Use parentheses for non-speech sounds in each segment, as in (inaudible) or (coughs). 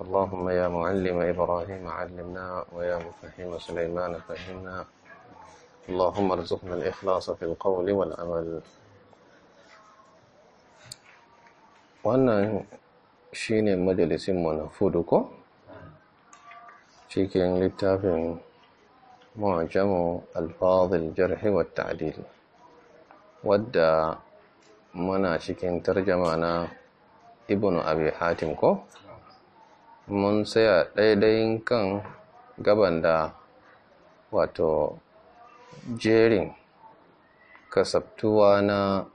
اللهم يا معلم إبراهيم علمنا ويا مفهم سليمان فهمنا اللهم ارزقنا الإخلاص في القول والعمل وأنا شين مجلس منفودكو شيكين لتافين معجم الفاظ الجرح والتعديل ودى منا شيكين ترجمانا ابن أبي حاتمكو mun tsaya ɗaiɗayin kan gaban da wato jerin kasabtuwa na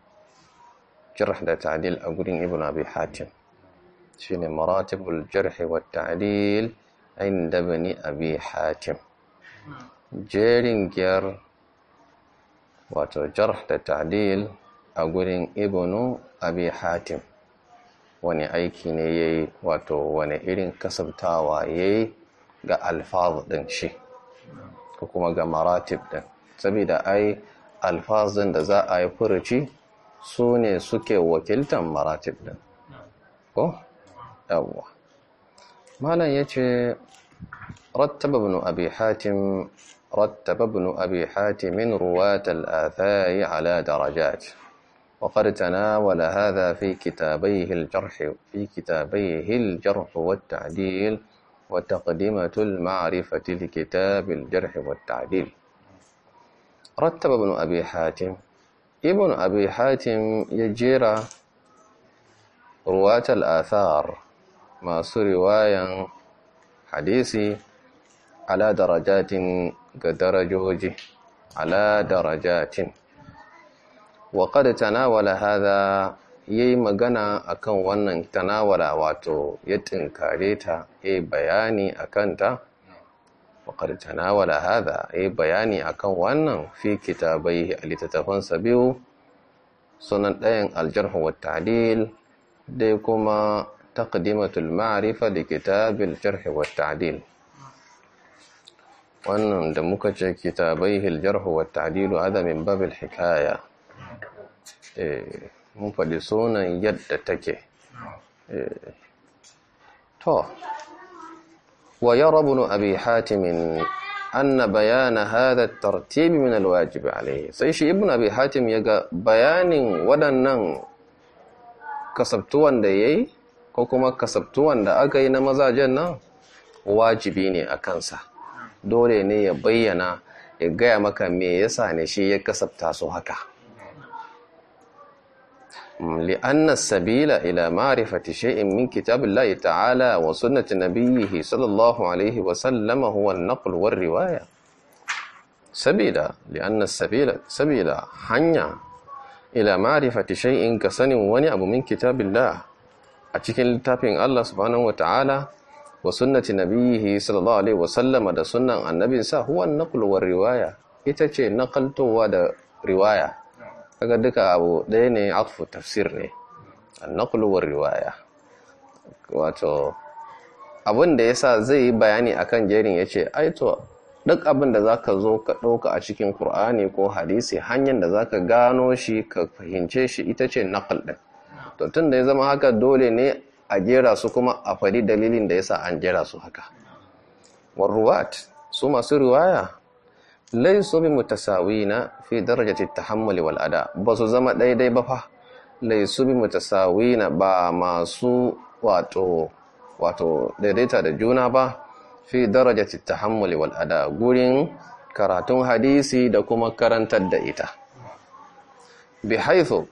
jirah da ta'adil a gudun ibn abi hatim shi ne maratibul jirhi wa ta'adil inda bani abi hatim jerin giyar wato jirah da ta'adil a gudun ibn abi hatim wani aiki ne ya yi wato wani irin kasabtawa ya yi ga alfaz ɗin shi ko kuma ga maratib ɗin saboda ai alfazin da za a yi furuci su ne suke wakiltan maratib ɗin ko? yawwa malam ya ce rattaba ibn abi hatim rattaba ibn abi hatimin ruwatal athari ala darajat وقد تناول هذا في كتابيه الجرح في كتابيه الجرح والتعديل وتقدمة المعرفة لكتاب الجرح والتعديل رتب ابن أبي حاتم ابن أبي حاتم يجير رواة الآثار ما riwayan حديثي على درجات قدر جوجه على درجات wa qad tanawala hadha yayi magana akan wannan tanawala wato ya tinkare ta yayi bayani a kanta. wa qad tanawala hadha yayi bayani akan wannan fi kitabai alitafan sabiu sunan ɗayan aljarhu wa ta'dil dai kuma taqdimatul ma'rifa da kitabin jarh wa ta'dil wannan da muka ce kitabai aljarh wa ta'dil hada min hikaya Eh, mun faɗi sunan yadda take eh, to wa yarabnu abi hatimin anna bayana hadha tartibi min alwajib alayhi sai shi ibnu abi hatim ya ga bayanin waɗannan kasabtuwan da ya yi, ko kuma kasabtuwan da aka yi na mazajen nan wajibi ne a kansa dole ne ya bayyana ya gaya maka me yasa ne shi ya kasabta su haka لأن السبيل إلى معرفة شيء من كتاب الله تعالى وسنة نبيه صلى الله عليه وسلم هو النقل والرواية سبيلا لأن السبيل سبيلا حنيا إلى معرفة شيء كسن ونعب من كتاب الله أتكين لتابين الله سبحانه وتعالى وسنة نبيه صلى الله عليه وسلم دا سنة النبي هو النقل والرواية إتكي نقلت ودا رواية kaga duka abu ɗaya ne atfu tafsir ne na war riwaya wato abin da sa zai yi bayani akan jerin yace ce aito duk abin da ka zo ka ɗauka a cikin Kur'ani ko hadisi hanyar da za ka gano shi ka fahimce shi ita ce naqal ɗin. to tun da ya zama haka dole ne a jera su kuma a faɗi dalilin da ya sa an jera su haka warruwat su masu riwaya laisu bi mutasawina fi darajati tahammuli wal ada ba su zama daidai ba fa laisu bi mutasawina ba masu wato wato daidaita da juna ba fi darajati tahammuli wal ada gurin karatun hadisi da kuma karantar da ita bi haithu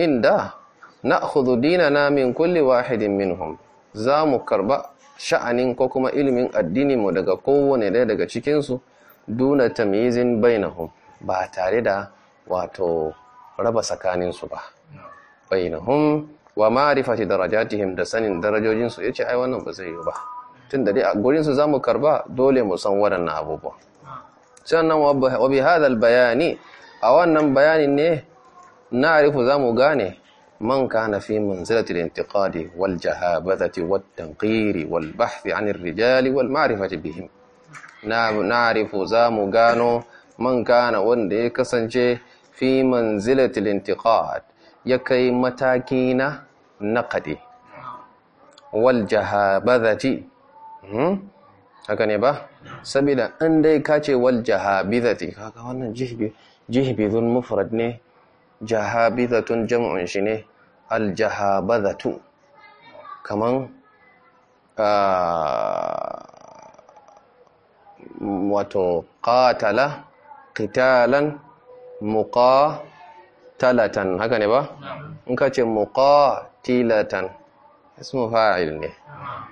inda na'khudhu dinana min kulli wahidin minhum zamu karba sha'anin ko kuma ilimin addini mu daga kowane daya daga cikinsu. duna tamyizin bainahum ba tare da wato raba tsakaninsu ba bainahum wa ma'rifati darajatihim da sanin darajojin su yace ai wannan ba zai yi ba tunda dai a gurin su zamu karba dole mu san waɗannan abubuwa sannan wa bi hadha bayani a wannan bayanin ne na'rifu zamu gane man kana fi manzilati al-intiqadi wal jahabati wat tanqiri wal bahthi 'an rijali wal ma'rifati bihim na na'rifu za mu gano man kana wanda ya kasance fi manzilatil intiqad ya kai mataki na naqadi wal jahabazati hmm? haka ne ba saboda an dai kace wal jahabizati kaga wannan jihbi jihbizun mufrad ne jahabizatun jam'un shi ne al jahabazatu kaman ah, wato qatala qitalan muqatalatan haka ne ba in ka ce muqatilatan ismu fa'il ne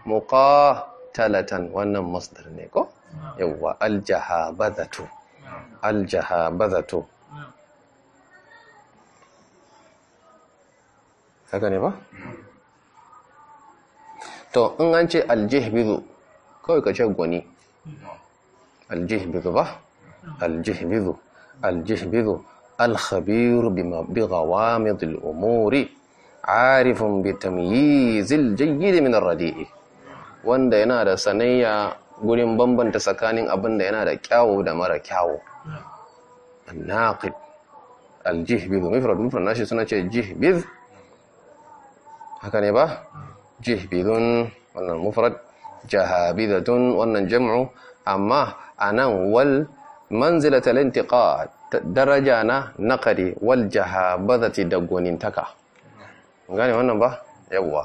muqatalatan wannan masdar ne ko yawa aljahabadatu aljahabadatu haka ne ba to in an ce aljihbizu kawai ka ce gwani الجه بضبه الجه بذو الجه بذو الخبير بغوامض الأمور عارف بتمييز الجيد من الرديء وان دينا دا سنية قولين بمبن تسكانين أبن دينا دا كاو دا مرا كاو الناقب الجه مفرد مفرد ناشي سنة جه بذ هكذا يباه جه بذن المفرد جهابذة وانا الجمع أما a nan wal manzilatal intiqa daraja na naqari wal jahabati da gonintaka gane wannan ba yawa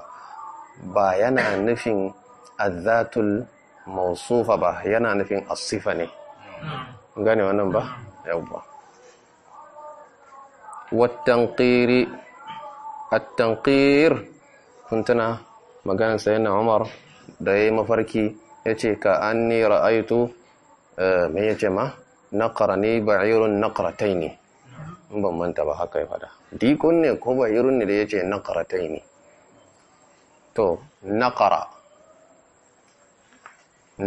ba yana nufin azatul mausufa ba yana nufin asifa ne gane wannan ba yawa watanqiri at-tanqir kuntana maganar sayyidina Umar da yayi mafarki yace ka ni ra'aytu Eh, mai yace ma naqara ne ba'irun naqrataini in ban manta ba haka ya fada dikun ne ko ba'irun ne da yace naqrataini to naqara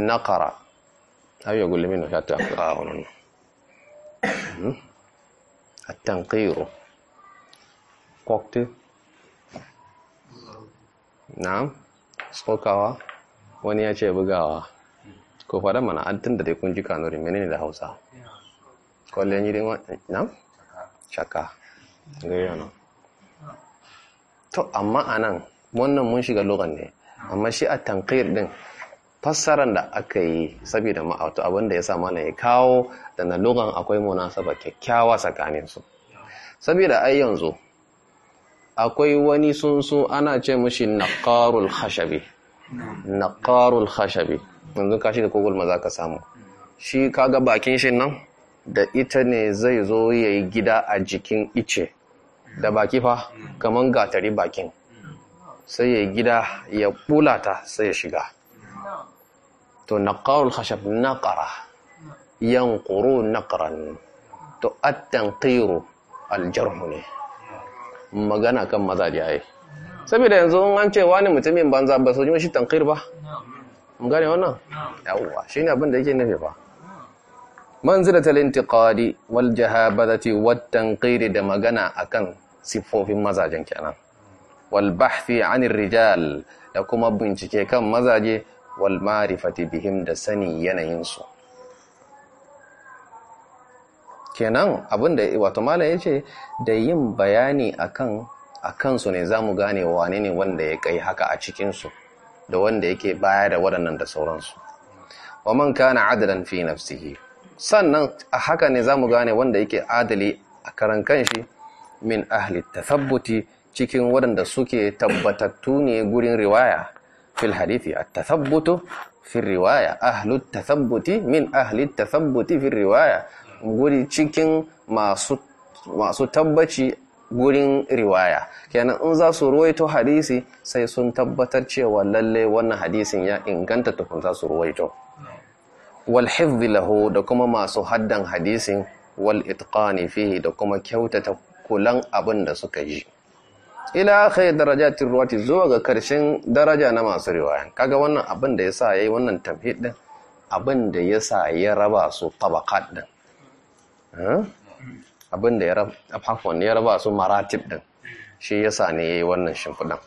naqara ayo gulimino hatta a ah, wannan التنقير na نعم wani ya ce bugawa ko faɗa mana an tun da dai kun ji kanuri menene da hausa kwallon yi dai na shaka gari to amma a nan wannan mun shiga logan ne amma shi a tankir din fassarar da aka yi saboda ma'auta abinda ya sa mana ya kawo da na logan akwai munasaba kyakkyawa tsakanin su saboda ai yanzu akwai wani sunsu ana ce mushi naqarul khashabi naqarul khashabi yanzu ka da google ma za ka samu shi kaga bakin shi nan da ita ne zai zo ya yi gida a jikin ice da baki fa kamar gatari bakin sai ya yi gida ya kula ta sai ya shiga to na na naqarul yan naqara na naqran to attan tanqiru aljarhu ne magana kan mazaji yi saboda yanzu an ce wani mutumin banza ba su yi shi tankir ba mun gane wannan yawwa shine abin da yake nufi fa manzilatul intiqadi wal jahabati wat tanqiri da magana akan siffofin mazajen kenan wal bahthi anir rijal da kuma bincike kan mazaje wal ma'rifati bihim da sani yanayin su kenan abinda wato malam yace da yin bayani akan akan su ne zamu gane wane ne wanda ya kai haka a cikin su da wanda yake baya da waɗannan da sauransu wa man kana adalan fi nafsihi sannan a haka ne zamu gane wanda yake adali a karan kanshi min ahli tathabbuti cikin waɗanda suke tabbatattu ne gurin riwaya fil hadithi at-tathabbutu fi riwaya ahli tathabbuti min ahli tathabbuti fi riwaya guri cikin masu tabbaci gurin riwaya kenan in za su ruwaito hadisi sai sun tabbatar cewa lalle wannan hadisin ya inganta tukun za su ruwaito wal lahu da kuma masu haddan hadisin wal itqani fihi da kuma kyautata kulan abin da suka yi ila akhir darajatir ruwati zuwa ga karshen daraja na masu riwaya kaga wannan abin da yasa yayi wannan tamhid din abin da yasa ya raba su tabaqat din abin da ya raba su maratib din shi yasa ne yayi wannan shimfidan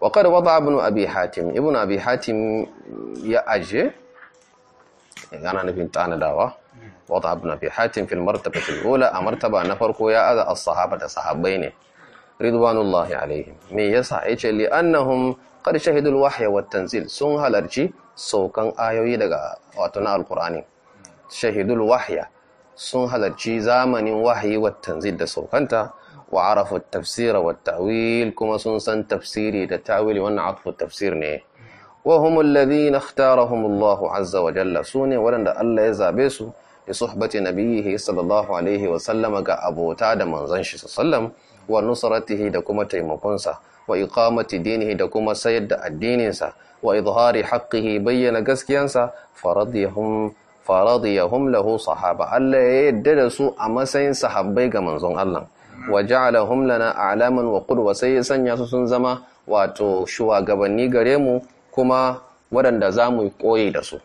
Waƙar qad wada ibn abi hatim abi hatim ya aje gana nufin tanadawa wada ibn abi hatim fil martabati al-ula a martaba na farko ya aza as-sahaba da sahabbai ne ridwanullahi alaihi me yasa yace li annahum qad shahidu al-wahya wat-tanzil sun halarci saukan ayoyi daga watan alkur'ani al shahidul wahya sun halarci zamanin wahayi wa tanzil da saukanta wa arafa tafsira wa ta'wil kuma sun san tafsiri da tawil wannan atfu tafsir ne wa humul ladhina ikhtarahum azza wa jalla sune waɗanda Allah ya zabe su da suhbati nabiyhi sallallahu alaihi wa sallama ga abota da manzon shi sallam wa nusratihi da kuma taimakonsa wa iqamati dinihi da kuma sayar da addininsa wa izhari haqqihi bayyana gaskiyansa faradihum faradiyahum lahu sahaba Allah ya yadda da su a matsayin sahabbai ga manzon Allah wa ja'alahum lana a'laman wa qudwa sai ya sanya su sun zama wato shugabanni gare mu kuma waɗanda za mu koyi da su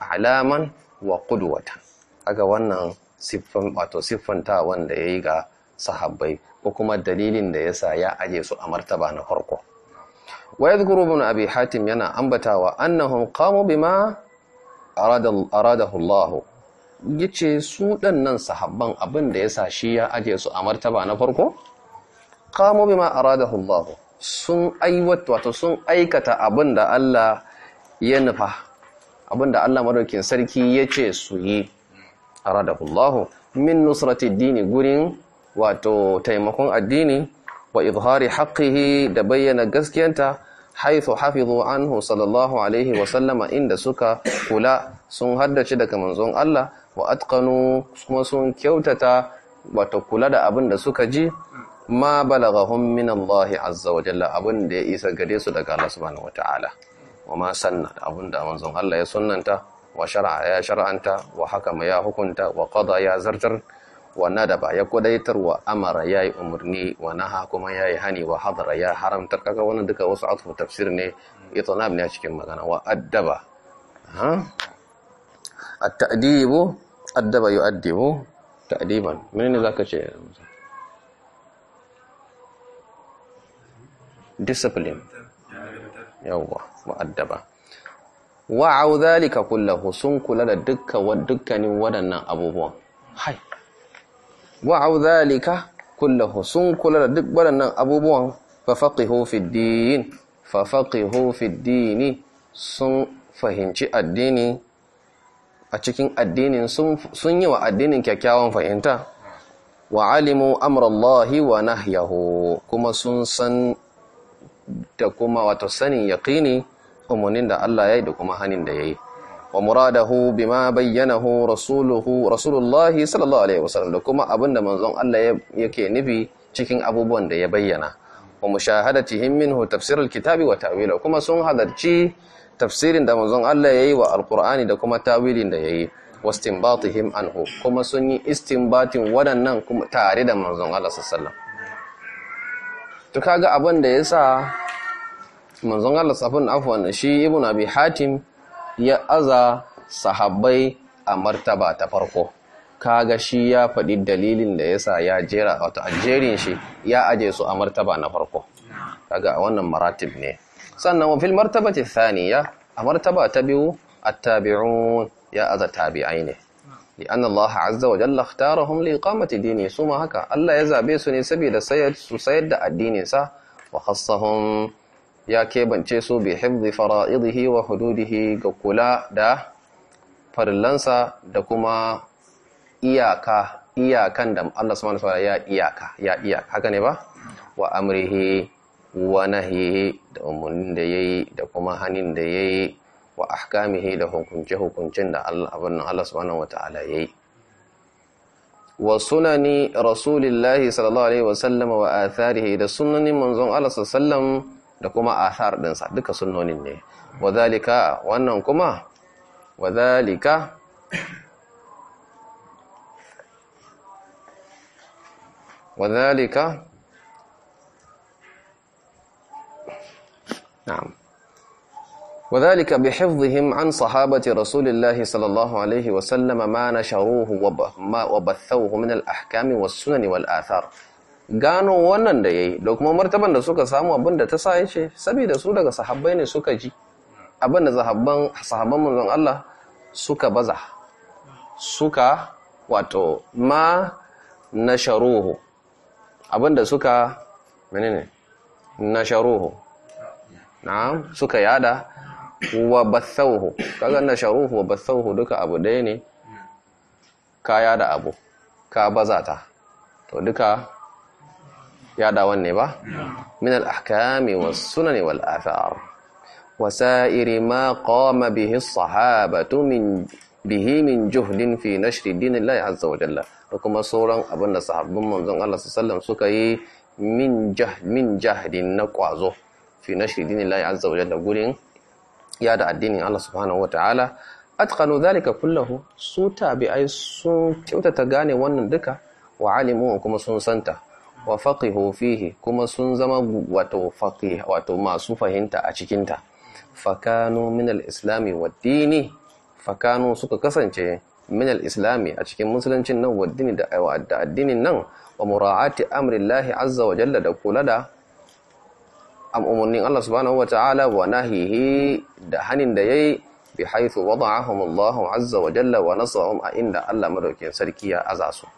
alaman wa qudwata aga wannan siffan wato ta wanda yayi ga sahabbai ko kuma dalilin da yasa ya aje su a martaba na farko wa yadhkuru ibn abi hatim yana ambatawa annahum qamu bima aradahullahu ya yace su ɗannan sahabban abin da sa shi ya ajiye su a martaba na farko qamu bima Arada Allah sun aiwata wato sun aikata abin da Allah ya nufa abin da Allah madaukin sarki yace su yi aradahu min nusrati dini gurin wato taimakon addini wa izhari haqqihi da bayyana gaskiyanta haithu hafizu anhu sallallahu alaihi wasallama inda suka kula sun haddace daga manzon Allah wa atqanu kuma sun kyautata wata kula da abin da suka ji ma balaghahum min Allah azza wa jalla abin da ya isa gare su daga Allah subhanahu wataala wa ma sanna abin da manzon Allah ya sunnanta wa shar'a ya shar'anta wa hakama ya hukunta wa qada ya zartar Wannan da ba ya kwadaitarwa amara ya yi umurni wa naha kuma yi hani wa hadara ya haramtar kaga wannan duka wasu atufu tafsir ne itinab ne a cikin magana wa addaba ha at-ta'dibu addaba yu'addibu ta'diban menene zaka ce discipline yawwa wa mu'addaba wa'au zalika kullahu sun kula da dukkanin waɗannan abubuwan hai wa'au zalika kullahu sun kula da duk waɗannan abubuwan fa faqihu dini, din fa faqihu sun fahimci addini a cikin addinin sun yi wa addinin kyakkyawan fahimta wa alimu amrallahi wa nahyahu kuma sun san da kuma wato sanin yaqini umarnin da Allah ya yi da kuma hanin da ya yi Wa بما بينه رسوله رسول الله صلى الله عليه da kuma abinda manzon Allah yake nufi cikin abubuwan da ya bayyana wa mushahadatihim minhu tafsir alkitabi wa ta'wila kuma sun hadarci tafsirin da manzon Allah yayi wa alqur'ani da kuma tawilin da yayi wastinbatihim anhu kuma sun yi istinbatin wadannan kuma tare da manzon Allah sallallahu to kaga abin da yasa manzon Allah safin afwan shi ibnu abi hatim ya aza sahabbai a martaba ta farko kaga shi ya faɗi dalilin da yasa ya jera wato ajerin shi ya aje su a martaba na farko kaga wannan maratib ne sannan fil martabati thaniya a martaba ta biyu attabi'un ya aza tabi'ai ne li'an Allah azza wa jalla ikhtarahum li iqamati dini su haka Allah ya zaɓe su ne saboda su sayar da addinin sa wa ya kebance su bi hifzi fara'idihi wa hududihi ga kula da farillansa da kuma iyaka iyakan da Allah subhanahu wa ya iyaka ya iyaka haka ne ba wa amrihi wa nahyihi da umurnin da yayi da kuma hanin da yayi wa ahkamihi da hukunce hukuncin da Allah abin Allah subhanahu wa yayi wa sunani rasulillahi sallallahu alaihi wa sallama wa atharihi da sunanin manzon Allah sallallahu alaihi sallam da kuma asar ɗinsa duka sunnonin ne wadhalika wannan kuma wadhalika wadhalika na'am وذلك بحفظهم عن صحابة رسول الله صلى الله عليه وسلم ما نشروه وبثوه من الأحكام والسنن والآثار gano wannan da ya yi. da kuma martaban da suka samu abin da ta sa ya ce, saboda su daga sahabbai ne suka ji abin da sahabban sahabban manzon Allah suka baza suka wato ma nasharuhu abin da suka menene nasharuhu na'am suka yada wa bathauhu kaga nasharuhu wa bathauhu duka abu ɗaya ne ka yada abu ka bazata to duka yadawan ne ba min al-ahkami was-sunan wal-athar Wasa'iri ma قام به الصحابة من bihi min juhdin fi nashri dinillahi azza wa jalla da kuma sauran abinda da sahabban manzon Allah sallallahu suka yi min jahd min jahdin na kwazo fi nashri dinillahi azza wa jalla gurin ya da addinin Allah subhanahu wataala atqanu dhalika kullahu su tabi'ai sun kyautata gane wannan duka wa alimu kuma sun santa wa faqihu fihi kuma sun zama wato faqih wato masu fahimta a cikinta fakanu min al-islami wad-dini fakanu suka kasance min al-islami a cikin musuluncin nan wad-dini da addinin nan wa mura'ati amrillahi azza wa jalla da kula da umurnin Allah subhanahu wa ta'ala wa nahihi da hanin da yayi bi haythu wada'ahum Allah azza wa jalla wa nasahum a inda Allah madaukin sarki ya azasu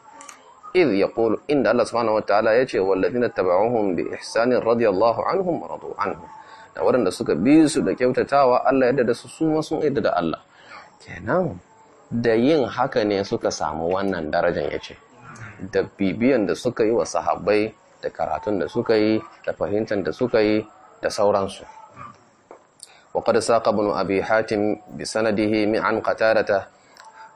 idh yaqulu inda Allah subhanahu wataala yace wallazina tabauhum bi ihsanin radiyallahu anhum radu anhu da waɗanda suka bi su da kyautatawa Allah yadda da su su ma yadda da Allah kenan da yin haka ne suka samu wannan darajar yace da bibiyan da suka yi wa sahabbai da karatun da suka yi da fahimtar da suka yi da sauransu وقد ساق ابن أبي حاتم بسنده عن قتادته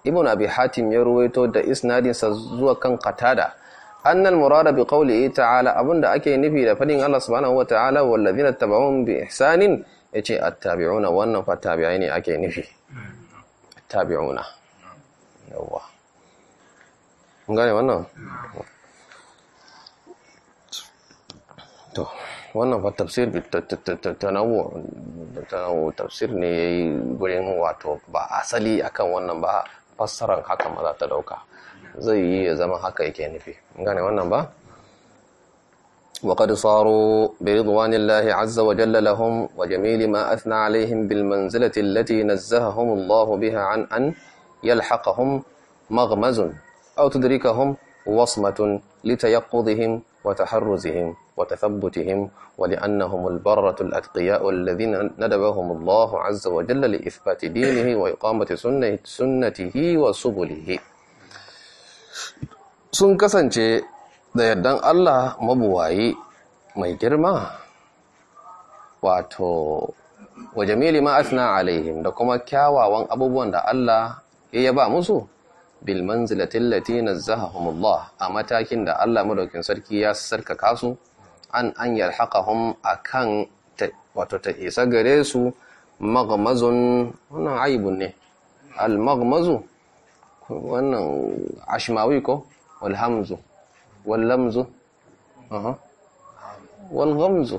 ibn abi hatim ya ruwaito da isnadinsa zuwa kan qatada annal murada bi qawlihi ta'ala abunda ake nufi da fadin Allah subhanahu wata'ala wal wallazina tabawun bi ihsanin yace attabi'una wannan fa tabi'ai ne ake nufi tabi'una yawa ngane wannan to wannan fa tafsir bi tanawu tanawu tafsir ne gurin wato ba asali akan wannan ba fassarar hakan ma za ta dauka zai yi ya zama haka yake nufi gane wannan ba وقد صاروا برضوان الله عز وجل لهم وجميل ما أثنى عليهم بالمنزلة التي نزههم الله بها عن أن يلحقهم مغمز أو تدركهم وصمة لتيقظهم وتحرزهم وتثبتهم ولأنهم البرة الأتقياء الذين ندبهم الله عز وجل لإثبات دينه وإقامة سنة سنته وسبله sun kasance da yardan Allah mabuwayi mai girma wato wa jamili ma asna alaihim da kuma kyawawan abubuwan da Allah ya yaba musu bil manzilatin lati nazzahahumullah a matakin da Allah madaukin sarki ya sarkaka su an an a kan wato ta isa gare su maghmazun wannan aibun ne al maghmazu wannan ashmawi ko wal hamzu wal lamzu aha wal ghamzu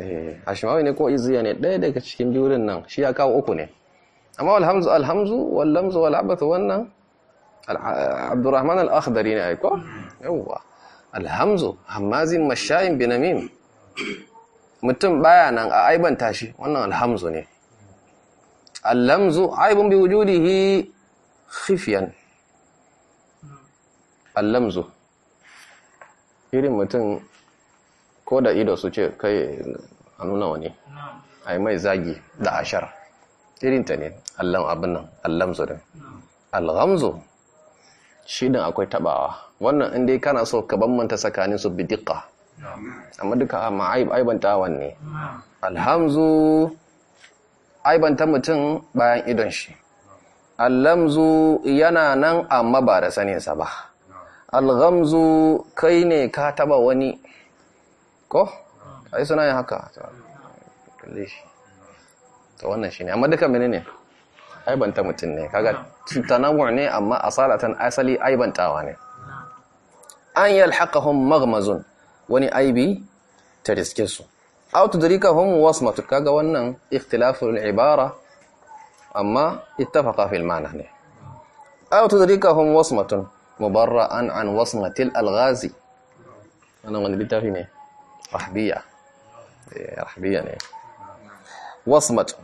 eh, ashmawi ne ko iziya ne daya daga cikin biyu nan shi ya kawo uku ne amma walhamzu alhamzu wal lamzu wal abath wannan Abdurrahman al-Akhdari ne aiko? Yawwa. Alhamzu, hammazin mashayin binamin. Mutum baya nan a aibanta shi, wannan alhamzu ne. Allamzu aibun bi wujudihi khifiyan. Allamzu. Irin mutum ko da ido su ce kai a nuna wani. Ai mai zagi da ashar. Irinta ne, allam abin nan, allamzu din. shi din akwai tabawa wannan in dai kana so ka bambanta tsakanin su bi amma duka amma aib aibantawan wanne. alhamzu aibanta mutum bayan idon shi allamzu yana nan amma ba da saninsa ba alghamzu kai ne ka taba wani ko ai suna yin haka to wannan shine amma duka menene ne aibanta mutum ne kaga tanawur ne amma asalatan asali aibantawa ne an yalhaqahum maghmazun wani aibi ta riske su aw tudrikahum wasmatu kaga wannan ikhtilaful ibara amma ittafaqa fil ma'na ne aw tudrikahum wasmatun mubarra'an an wasmatil alghazi wannan wani littafi ne rahbiya eh, rahbiya ne wasmatun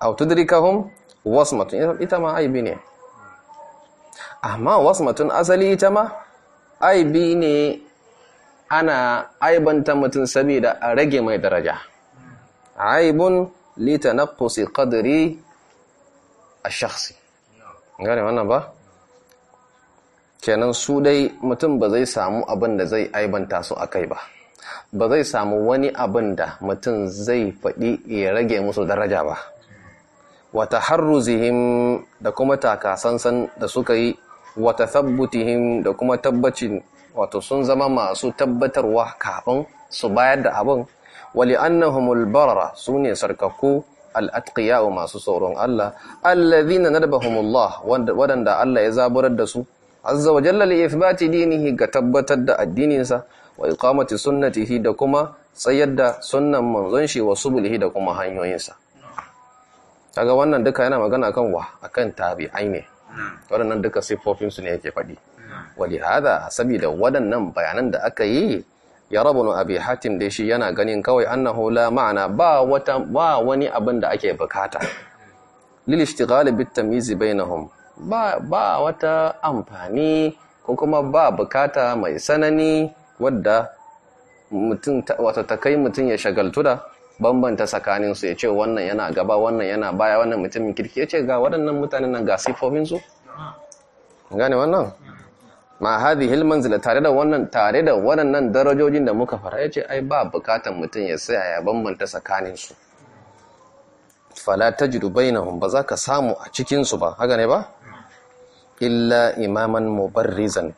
aw tudrikahum wasmatun ita ma aibi ne amma wasmatun asali ita ma aibi ne ana aibanta mutum saboda a rage mai daraja aibun litanaqqusi qadri ash-shakhsi gane wannan ba kenan su dai mutum ba zai samu abin da zai aibanta su akai ba ba zai samu wani abin da mutum zai faɗi ya rage musu daraja ba Wata harruzihim, da kuma takasansan da suka yi wata tabbutihim, da kuma tabbacin wato sun zama masu tabbatarwa kafin su bayar da abin wali annahumul barara sune sarkaku sarkakku masu tsoron Allah alladhina humullah waɗanda Allah ya zaburar da su azza wa jalla li ithbati dinihi ga tabbatar da addininsa wa iqamati sunnatihi da kuma tsayar da sunnan manzon shi wa subulihi da kuma hanyoyinsa kaga wannan duka yana magana kan wa akan tabi'ai ne hmm. waɗannan duka siffofin su ne yake faɗi hmm. wali hada saboda waɗannan bayanan da aka yi ya rabu abi hatim da shi yana ganin kawai annahu la ma'ana ba wata ba wani abin da ake bukata lil ishtighal bit tamyiz bainahum ba ba wata amfani ko kuma ba bukata mai tsanani wadda mutum wato takai mutum ya shagaltu da bambanta tsakanin su ya ce wannan yana gaba wannan yana baya wannan mutumin kirki ya ce ga waɗannan mutanen nan ga sifofin su gane wannan ma hilman zila tare da wannan tare da waɗannan darajojin da muka fara ya ce ai ba bukatan mutum ya sai ya bambanta tsakanin su fala tajidu bainahum ba za ka samu a cikin su ba haka ne ba illa imaman mubarrizan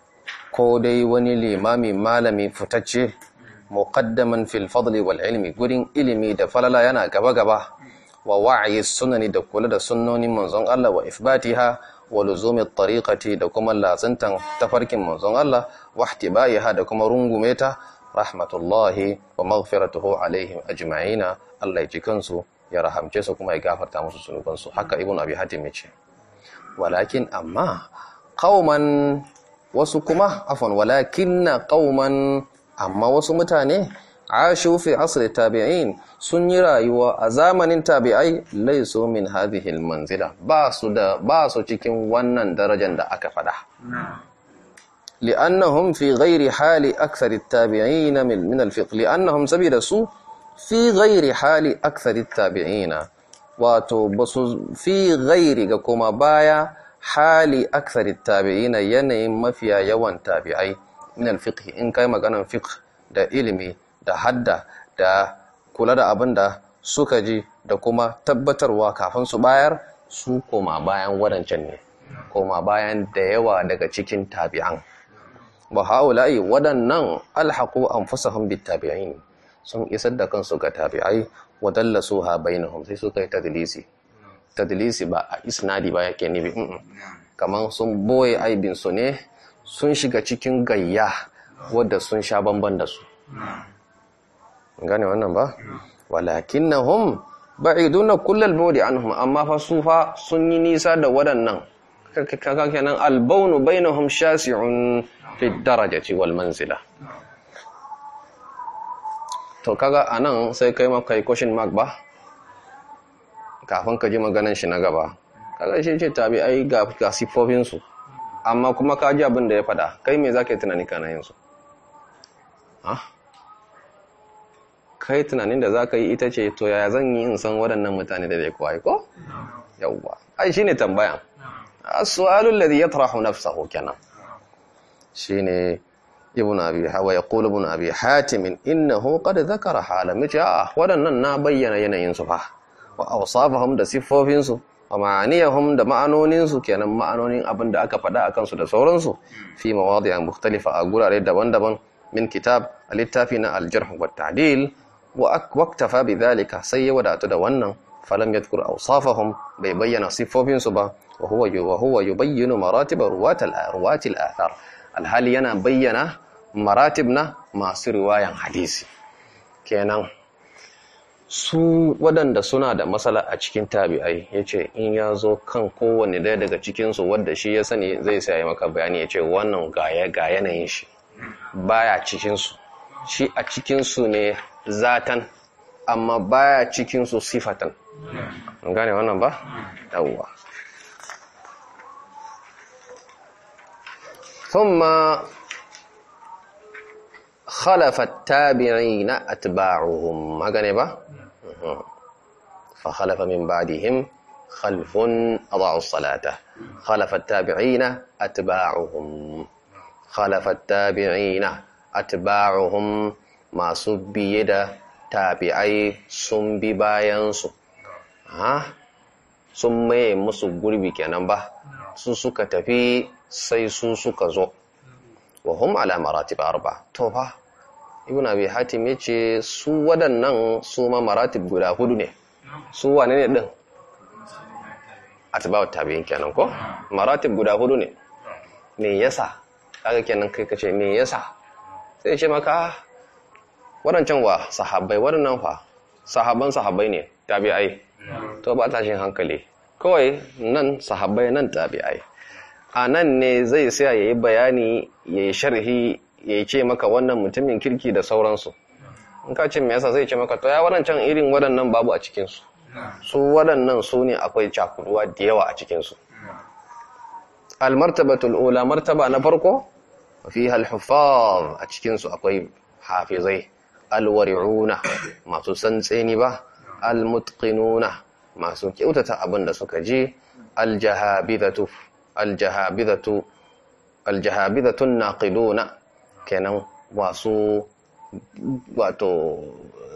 ko dai wani limami malami fitacce muqaddaman fil fadli wal ilmi gurin ilimi da falala yana gaba gaba wa wa'yi sunani da kula da sunnonin manzon Allah wa ifbatiha wa luzumi tariqati da kuma lazantan tafarkin manzon Allah wa ihtibaiha da kuma rungumeta rahmatullahi wa maghfiratuhu alaihim ajma'ina Allah ya ji kansu ya rahamce su kuma ya gafarta musu su, haka ibn abi hatim ya ce walakin amma qauman wasu kuma afan walakinna qauman amma wasu mutane ashu fi asri tabi'in sun yi rayuwa a zamanin tabi'ai laiso min hadhihi almanzila ba su ba su cikin wannan darajar da aka fada li'annahum fi ghairi hali akthar at-tabi'in min min al li'annahum sabida su fi ghairi hali akthar at-tabi'in wato ba su fi ghairi ga kuma baya hali akthar at-tabi'in yanayin mafiya yawan tabi'ai min alfiqh in kai maganan fiqh da ilimi da hadda da kula da abin da suka ji da kuma tabbatarwa kafin su bayar su koma bayan wadancan ne koma bayan da yawa daga cikin tabi'an ba haula'i waɗannan alhaku an fusahun bittabi'in sun isar da kansu ga tabi'ai wadalla su ha bainahum sai suka yi tadlisi tadlisi ba a isnadi ba yake nibi Kaman sun boye aibin su ne sun shiga cikin gayya wadda sun sha bamban da su gane wannan ba walakinnahum na kullal an anhum amma fa su fa sun yi nisa da waɗannan nan, albaunu bainahum shasi'un fi darajati wal manzila to kaga anan sai kai maka question ba kafin ka ji maganan shi na gaba kaga shi ce tabi ai ga sifofin amma kuma ka ji abin da ya faɗa kai me za ka yi tunani kana kai tunanin da za ka yi ita ce to yaya zan yi in san waɗannan mutane da dai kuwa ko yawwa ai shi shine tambaya as-su'alu alladhi yatrahu nafsahu kenan shine ibn abi hawa yaqul ibn abi hatim innahu qad dhakara halamicha ah, waɗannan na bayyana yanayin su fa wa awsafahum da siffofinsu? su ma'aniyahum da ma'anoninsu kenan ma'anonin abin da aka faɗa a kansu da sauransu fi mawadi an mukhtalifa a gurare daban-daban min kitab a littafi na aljarh wa ta'dil wa aktafa bi dhalika sai ya wadatu da wannan falam yadhkur awsafahum bai bayyana siffofinsu ba wa huwa wa huwa yubayyinu maratib ruwat al-ruwat al-athar alhali yana bayyana maratib na masu riwayan hadisi kenan su waɗanda suna da matsala a cikin tabi'ai ya ce in ya zo kan kowane ɗaya daga cikinsu wadda shi ya sani zai sayi maka bayani ya ce wannan ga yanayin shi baya cikinsu shi a cikinsu ne zatan amma baya cikinsu sifatan gane wannan ba? yawwa ثم خلف التابعين na ما magane ba. fa khalafa min ba'dihim khalfun adha'u salata khalafa at-tabi'ina atba'uhum khalafa at-tabi'ina atba'uhum masu biye da tabi'ai sun bi bayansu sun maye musu gurbi kenan ba su suka tafi sai su suka zo wa hum ala maratib arba to ba ibn abi hatim ya ce su waɗannan su ma maratib guda hudu ne su wane ne ɗin atibawar tabi'in kenan ko maratib guda hudu ne me yasa kaga kenan kai kace me yasa sai ce maka ah, waɗancan wa sahabbai waɗannan fa sahabban sahabbai ne tabi'ai to ba tashin hankali kawai nan sahabbai nan tabi'ai a nan ne zai sai ya yi bayani ya yi sharhi ya ce maka wannan mutumin kirki da sauransu in ka ce yasa zai ce maka to ya waɗancan irin waɗannan babu a cikinsu su waɗannan su ne akwai cakuduwa da yawa a cikinsu almartabatul ula martaba na farko fi halhufar a cikinsu akwai hafizai alwari'una masu santsini ba almutqinuna masu kyautata abin da suka ji aljahabidatu aljahabidatu aljahabidatun naqiduna kenan wasu wato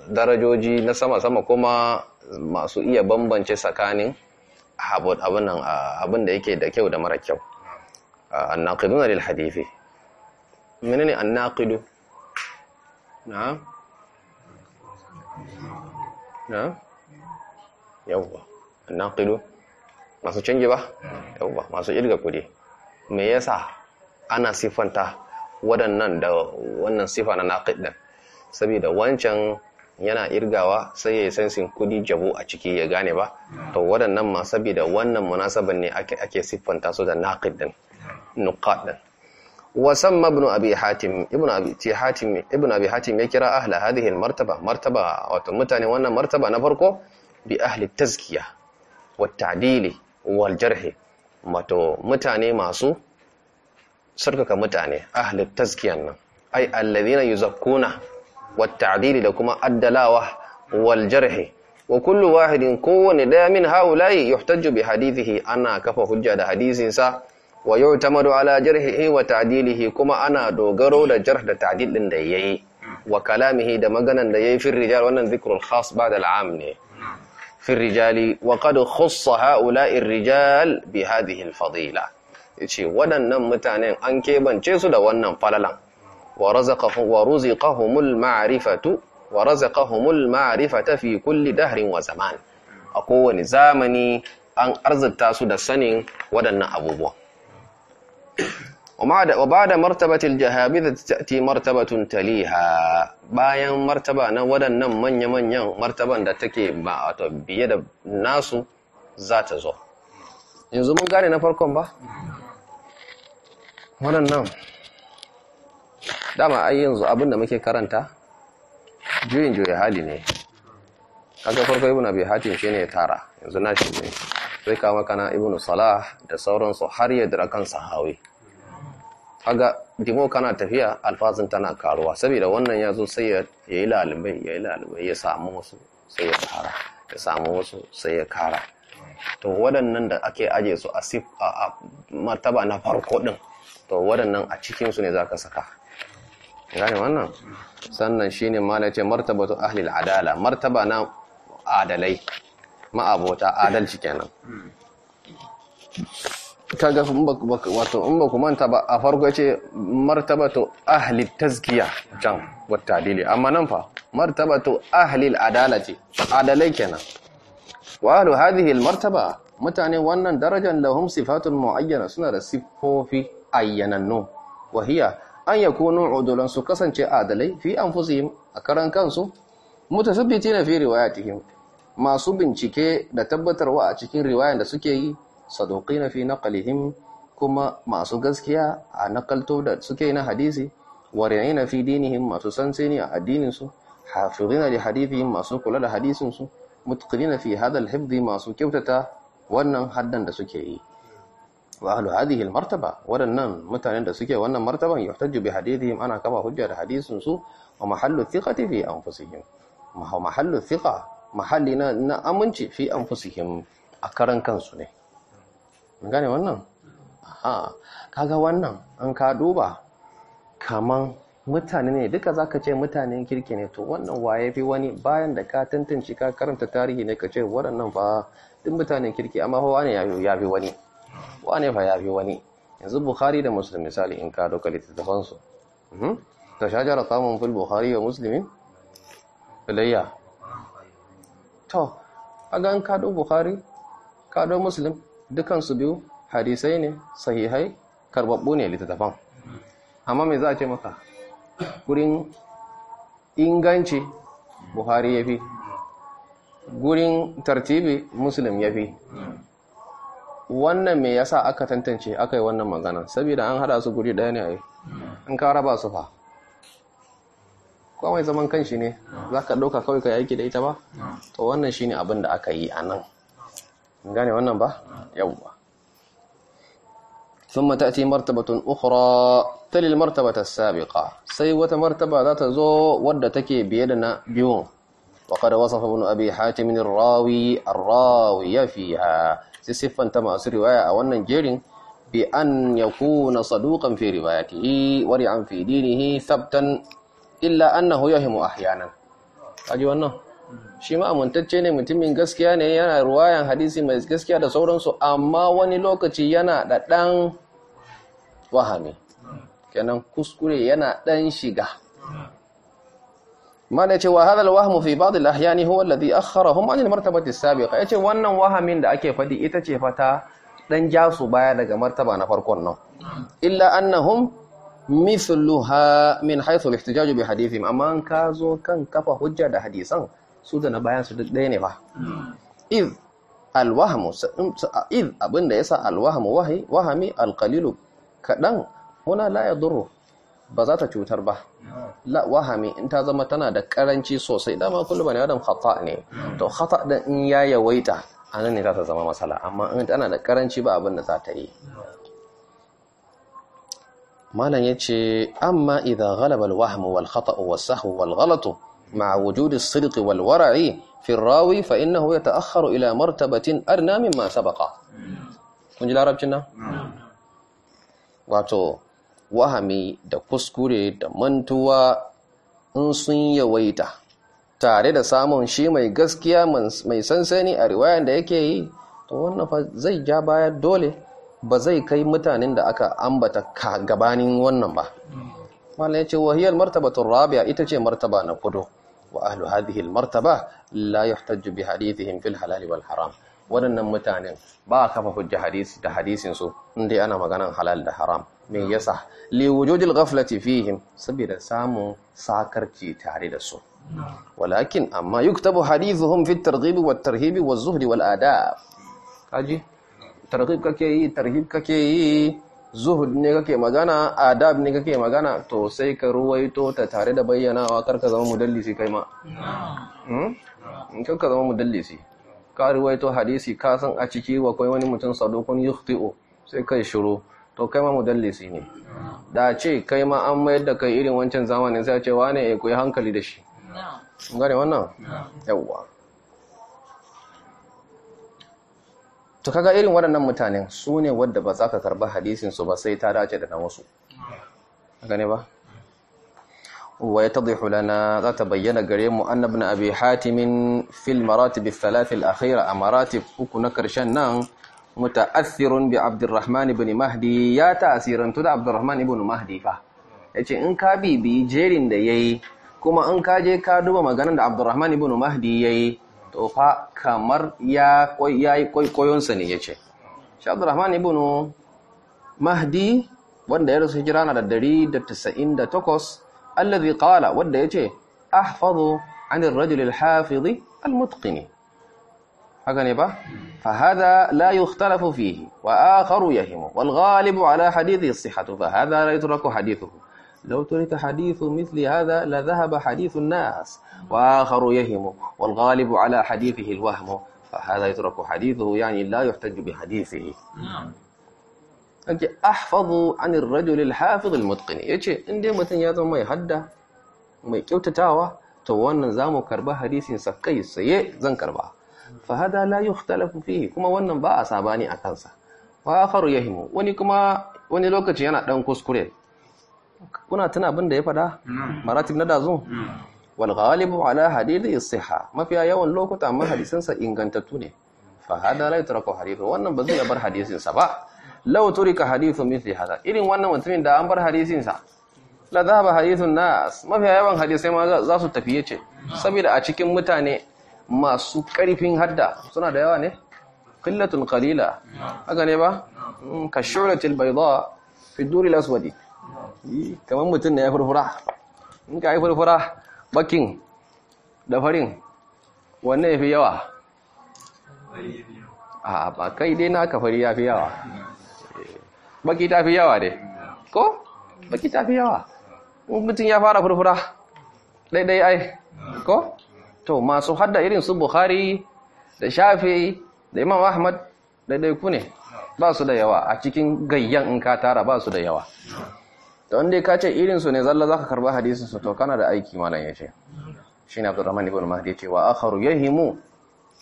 darajoji na sama-sama kuma masu iya bambance tsakanin abin da yake da kyau da mara kyau annaqiduna lil hadithi ne annaqidu na na yawwa annaqidu masu canji ba yauwa masu irga kudi me yasa ana siffanta waɗannan da wannan sifa na naƙid ɗin saboda wancan yana irgawa sai ya yi sensin kudi jabu a ciki ya gane ba to waɗannan ma saboda wannan munasaban ne ake ake siffanta su da naƙid ɗin nuqad ɗin wa samma ibn abi hatim ibn abi hatim ibn abi hatim ya kira ahla hadhihi martaba martaba wato mutane wannan martaba na farko bi ahli tazkiya wa ta'dili wal jarh wato mutane masu sarkaka mutane ahli taskiyan nan ai allazina yuzakkuna wat ta'dil da kuma addalawa wal jarh wa kullu wahidin kowane daya min haula'i yuhtaju bi hadithihi ana kafa hujja da sa wa yu'tamadu ala jarhihi wa ta'dilihi kuma ana dogaro da jarh da ta'dil din da yayi wa kalamihi da maganan da yayi fi rijal wannan zikrul khas ba'da al'am ne firijali rijali wa qad khassa haula'i ar-rijal bi hadhihi al-fadila yace waɗannan mutanen an kebance su da wannan falalan wa ruziqahumul ma'rifatu wa razaqahumul ma'rifata fi kulli dahrin wa zaman a kowane zamani an arzita su da sanin waɗannan abubuwa wa ba da martabatil jahabida ta'ti martabatun taliha bayan martaba na waɗannan manya-manyan martaban da take ba biye da nasu za ta zo yanzu mun gane na farkon ba nan dama ai yanzu abinda muke karanta juyin juya hali ne kaga farko ibnu abi hatim shine ya tara yanzu na shi ne sai ka maka na ibnu salah da sauransu har ya dira kan sahawi kaga dimo kana tafiya alfazin tana karuwa saboda wannan yazo sai ya yi lalibai ya yi lalibai ya samu wasu sai ya kara ya samu wasu sai ya kara to waɗannan da ake aje su a martaba na farko din to waɗannan a cikinsu ne za ka saka gane wannan sannan shi ne ma na ce martabatu ahlil adala martaba na adalai ma'abota adalci kenan kaga wato in ba ku manta ba a farko ce martabatu ahli tazkiya can wata dili amma nan fa martabatu ahli adala ce adalai kenan wa ahlu hadhihi martaba mutane wannan darajar lahum sifatun muayyana suna da siffofi ayyanannu wahiya an yakunu udulan su kasance adalai fi anfusihim a karan kansu mutasabbitina fi riwayatihim masu bincike da tabbatarwa a cikin riwayan da suke yi na fi naqlihim kuma masu gaskiya a nakalto da suke na hadisi na fi dinihim masu sansani a addinin su hafizina li hadithihim masu kula da hadisin su mutqinina fi hadal hifzi masu kyautata wannan haddan da suke yi wa ahlu hadhihi almartaba wadannan mutanen da suke wannan martaban yuhtaju bi hadithihim ana kama hujja da hadisin su wa mahallu thiqati fi anfusihim ma mahallu thiqa mahalli na, na aminci fi anfusihim a karan kansu ne gane wannan aha kaga wannan an ka duba kaman mutane ne duka zaka ce mutanen kirki ne to wannan waye fi wani bayan da ka tantance ka karanta tarihi ne ka ce waɗannan fa duk mutanen kirki amma fa wani ya fi wani wane fa ya fi wani yanzu bukhari da muslim misali in ka doka littattafansu hmm? ta shajara samun fil bukhari wa muslimin filayya to a ga kado bukhari kado muslim dukansu biyu hadisai ne sahihai karbabbu ne littattafan amma mai za a ce maka gurin inganci Bukhari ya fi gurin tartibi muslim ya fi wannan me yasa aka tantance aka yi wannan magana saboda an hada su guri ɗaya ne a yi an ka raba su fa mai zaman kanshi ne za ka ɗauka kawai ka yaki da ita ba to wannan shi ne abin aka yi a nan gane wannan ba yawwa ثم تأتي مرتبة أخرى تلي المرتبة السابقة سي وتمرتبة ذات زو da بيدنا biyun. وقد وصف ابن أبي حاتم الراوي الراوي فيها سيصفا تما رواية أولا جيرين بأن يكون صدوقا في روايته ورعا في دينه ثبتا إلا أنه يهم أحيانا أجي wannan shi ma amintacce ne mutumin gaskiya ne yana ruwayan hadisi mai gaskiya da sauransu amma wani lokaci yana da ɗan wahame. kenan kuskure yana ɗan shiga ما da yace wa hadha alwahmu fi ba'd alahyani huwa alladhi akharahum an almartabati as-sabiqa yace wannan wahamin da ake fadi ita ce fata dan jasu baya daga martaba na farkon nan illa annahum mithluha min haythu al-ihtijaj bi hadithihim amma an kazo kan kafa hujja da hadisan su da na bayan su duk ne ba. iz alwahmu iz abinda yasa alwahmu wahami alqalilu kadan huna la yadurru ba za ta cutar ba la wahami in ta zama tana da karanci sosai dama kullu bane adam khata ne to khata din in ya yawaita anan ne za ta zama masala amma in tana da karanci ba abin da za ta yi malan yace amma idza ghalaba al-wahmu wal khata was sahwu wal ghalatu sidq wal wara'i fi rawi fa innahu yata'akhkharu ila martabatin arna mimma sabaqa كنت لا ربنا؟ نعم wato wahami da kuskure da mantuwa in sun yawaita tare da samun shi mai gaskiya mai sansani a riwayan da yake yi to wannan fa zai ja baya dole ba zai kai mutanen da aka ambata ka gabanin wannan ba wannan yace wahiyal martabatur rabi'a ita ce martaba na kudu wa ahlu hadhihi al martaba la yuhtaju bi hadithihim fil halal wal haram waɗannan mutanen ba a kafa hujja hadisi da hadisin su inda ana maganan halal da haram me yasa liwujudil ghaflati fihim saboda samun sakarci tare da su walakin amma yuktabu hadithuhum fi at-targhib wa tarhib wa az-zuhd wal adab kaji targhib kake yi tarhib kake yi zuhud ne kake magana adab ne kake magana to sai ka ruwaito ta tare da bayyanawa karka zama mudallisi kai ma hmm? in karka zama mudallisi ka ruwaito hadisi ka san a ciki akwai wani mutum sadokun yukhti'u sai kai shiru to kai ma mudallisi ne da ce kai ma an mayar da kai irin wancan zamanin sai ce wane ya eh, koyi hankali da shi gane wannan yawwa to kaga irin waɗannan mutane su ne wadda ba za ka karɓi hadisinsu ba sai ta dace da na wasu gane ba wa yatadhihu lana za ta bayyana gare mu annabna abi hatimin fil maratib thalath al-akhira a maratib uku na karshen nan muta'assirun bi Abdurrahman ibn Mahdi ya ta'asirantu da Abdurrahman ibn Mahdi fa yace in ka bibi jerin da yayi kuma in ka je ka duba maganar da Abdurrahman ibn Mahdi yayi to fa kamar ya yayi koyon sa ne yace shi Abdurrahman ibn Mahdi wanda ya rasu hijira na da 198 alladhi qala wanda yace ahfazu 'an ar-rajul al-hafiz al-mutqini حقني با فهذا لا يختلف فيه وآخر يهم والغالب على حديثه الصحة فهذا لا يترك حديثه لو ترك حديث مثل هذا لذهب حديث الناس وآخر يهم والغالب على حديثه الوهم فهذا يترك حديثه يعني لا يحتج بحديثه نعم انت أحفظوا عن الرجل الحافظ المتقن يجي عندي متنيات وما يهدى وما يكوت تاوى تواننزام كربا حديث سكي سيئ زن كربا fa la yukhtalafu fihi kuma wannan ba a sabani a kansa wa akharu yahimu wani kuma wani lokaci yana dan kuskure kuna tuna abin da ya fada maratib na dazu wal ghalibu ala hadithi sihha mafiya yawan lokuta ma hadisansa ingantattu ne fa la yutraku hadithu wannan ba zai bar hadisin sa ba law turika hadithu mithli hada irin wannan mutumin da an bar hadisin sa la dhahaba hadithun nas mafiya yawan hadisai ma za su tafi yace saboda a cikin mutane masu ƙarfin hadda suna da yawa ne ƙillatun ƙalila. haka ne ba mm, ka shuratil zuwa. fi duril aswadi kamar mutum ne ya furfura in ka yi furfura bakin da farin wanne ya fi yawa a ba kai dai ka fari ya fi yawa baki ta fi yawa dai ko baki ta fi yawa mutum ya fara furfura ɗaiɗai ai ko to masu hadda irin su buhari da shafi da imam ahmad daidaiku ne ba su da yawa a cikin gayyan in ka tara ba su da yawa To inda ka ce su ne zalla zaka karba hadisin su to kana da aiki malam ya ce shi ne abdurrahman ibn mahdi ce wa akharu yahimu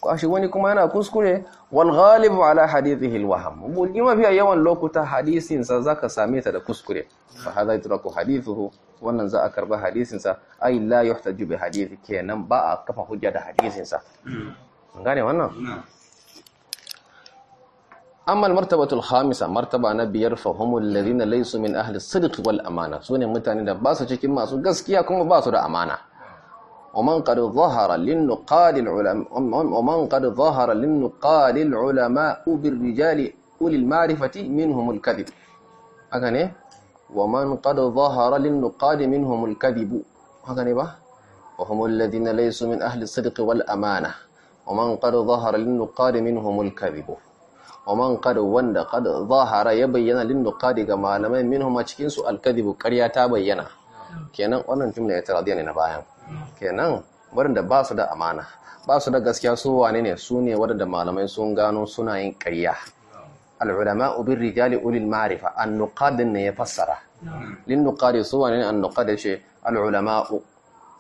kashi wani kuma yana kuskure wal ghalibu ala hadithihi al waham mafi yawan lokuta hadisinsa zaka same ta da kuskure fa hadha yatraku hadithuhu wannan za a karba hadisinsa ai la yuhtaju bi hadisi kenan ba a kafa hujja da hadisinsa an gane wannan amma martabatul khamisa martaba na biyar fahumul ladina laysu min ahli sidq wal amana sune mutane da ba su cikin masu gaskiya kuma ba su da amana ومن قد ظهر للنقاد العلماء ومن قد ظهر للنقاد العلماء بالرجال أولي المعرفة منهم الكذب wa man qad zahara lin nuqadi minhum al-kadhib haka ne ba wa hum alladhina laysu min ahli as wal amana wa man qad zahara lin nuqadi minhum al-kadhib wa man qad wanda qad zahara ya bayyana lin nuqadi ga malamai minhum a cikin al-kadhib ƙarya ta bayyana kenan wannan jumla ya taradiya ne na bayan kenan wadanda ba su da amana ba su da gaskiya su wane ne su ne wadanda malamai sun gano suna yin ƙarya al'ulama'u bin rijali ulil ma'arifa annukadin ne ya fassara linnukari su wani annukadin ce al'ulama'u